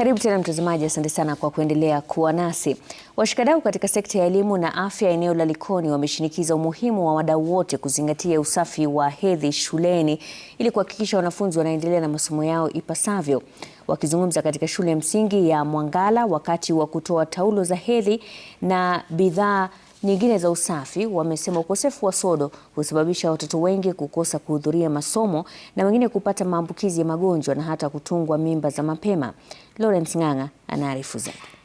Karibu tena mtazamaji, asante sana kwa kuendelea kuwa nasi. Washikadau katika sekta ya elimu na afya eneo la Likoni wameshinikiza umuhimu wa wadau wote kuzingatia usafi wa hedhi shuleni ili kuhakikisha wanafunzi wanaendelea na masomo yao ipasavyo. Wakizungumza katika shule ya msingi ya Mwangala wakati wa kutoa taulo za hedhi na bidhaa nyingine za usafi, wamesema ukosefu wa sodo husababisha watoto wengi kukosa kuhudhuria masomo na wengine kupata maambukizi ya magonjwa na hata kutungwa mimba za mapema. Lawrence Ng'ang'a anaarifu zaidi.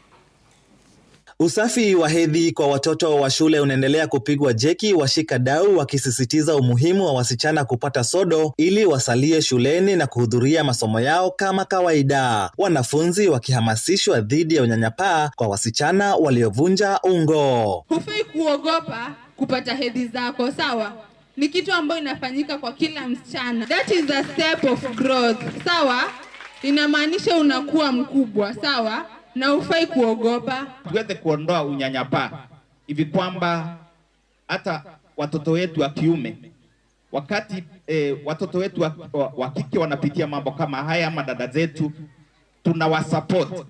Usafi wa hedhi kwa watoto wa shule unaendelea kupigwa jeki, washika dau wakisisitiza umuhimu wa wasichana kupata sodo ili wasalie shuleni na kuhudhuria masomo yao kama kawaida, wanafunzi wakihamasishwa dhidi ya unyanyapaa kwa wasichana waliovunja ungo. Hufai kuogopa kupata hedhi zako, sawa? Ni kitu ambayo inafanyika kwa kila msichana. That is a step of growth, sawa? Inamaanisha unakuwa mkubwa, sawa? na ufai kuogopa. Tuweze kuondoa unyanyapaa hivi kwamba hata watoto wetu wa kiume wakati eh, watoto wetu wa, wa, wa kike wanapitia mambo kama haya ama dada zetu, tunawasupport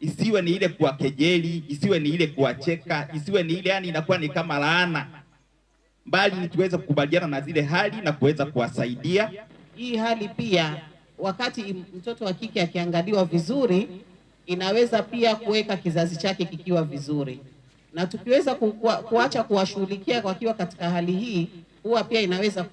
isiwe ni ile kuwakejeli, isiwe ni ile kuwacheka, isiwe ni ile yani inakuwa ni kama laana, bali ni tuweze kukubaliana na zile hali na kuweza kuwasaidia. Hii hali pia, wakati mtoto wa kike akiangaliwa vizuri, inaweza pia kuweka kizazi chake kikiwa vizuri, na tukiweza kuacha kuwashughulikia wakiwa katika hali hii huwa pia inaweza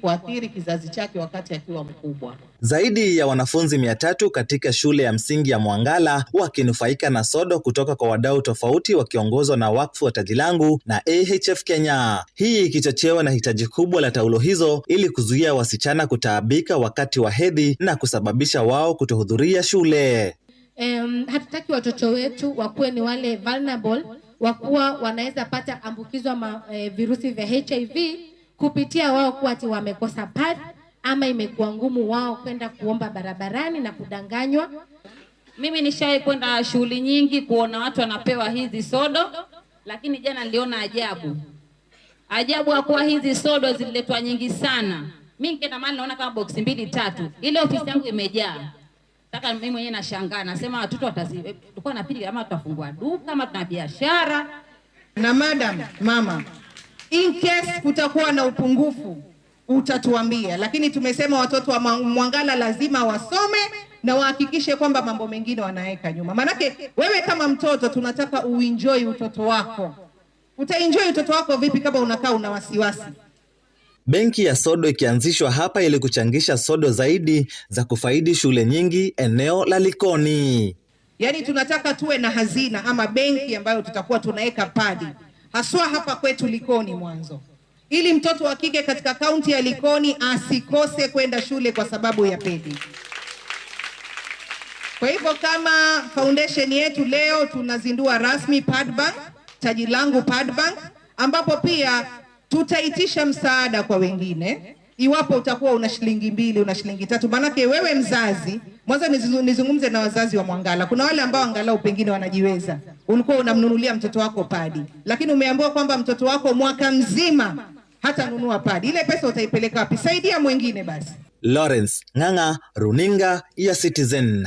kuathiri kizazi chake wakati akiwa mkubwa. Zaidi ya wanafunzi mia tatu katika shule ya msingi ya Mwangala wakinufaika na sodo kutoka kwa wadau tofauti wakiongozwa na wakfu wa Taji Langu na AHF Kenya, hii ikichochewa na hitaji kubwa la taulo hizo ili kuzuia wasichana kutaabika wakati wa hedhi na kusababisha wao kutohudhuria shule um, hatutaki watoto wetu wakuwe ni wale vulnerable wakuwa wanaweza pata ambukizwa ma, eh, virusi vya HIV kupitia wao kuwa ati wamekosa pad ama imekuwa ngumu wao kwenda kuomba barabarani na kudanganywa. Mimi nishawahi kwenda shughuli nyingi kuona watu wanapewa hizi sodo, lakini jana niliona ajabu ajabu ya kuwa hizi sodo zililetwa nyingi sana. Mimi nikienda mali naona kama boksi mbili tatu, ile ofisi yangu imejaa. Sasa mimi mwenyewe nashangaa, nasema watoto watazi eh, tulikuwa napiga kama tutafungua duka kama tuna biashara. Na madam mama, in case kutakuwa na upungufu utatuambia, lakini tumesema watoto wa Mwangala lazima wasome na wahakikishe kwamba mambo mengine wanaweka nyuma. Maanake wewe kama mtoto tunataka uenjoy utoto wako. Utaenjoy utoto wako vipi kama unakaa una wasiwasi? Benki ya sodo ikianzishwa hapa ili kuchangisha sodo zaidi za kufaidi shule nyingi eneo la Likoni. Yaani tunataka tuwe na hazina ama benki ambayo tutakuwa tunaweka padi haswa hapa kwetu Likoni mwanzo, ili mtoto wa kike katika kaunti ya Likoni asikose kwenda shule kwa sababu ya pedi. Kwa hivyo kama foundation yetu leo tunazindua rasmi pad bank, taji langu pad bank, ambapo pia tutaitisha msaada kwa wengine iwapo utakuwa una shilingi mbili, una shilingi tatu. Maanake wewe mzazi, mwanzo nizungumze na wazazi wa Mwangala. Kuna wale ambao angalau pengine wanajiweza, ulikuwa unamnunulia mtoto wako padi, lakini umeambiwa kwamba mtoto wako mwaka mzima hata nunua padi. Ile pesa utaipeleka wapi? Saidia mwingine basi. Lawrence Ng'ang'a, runinga ya Citizen.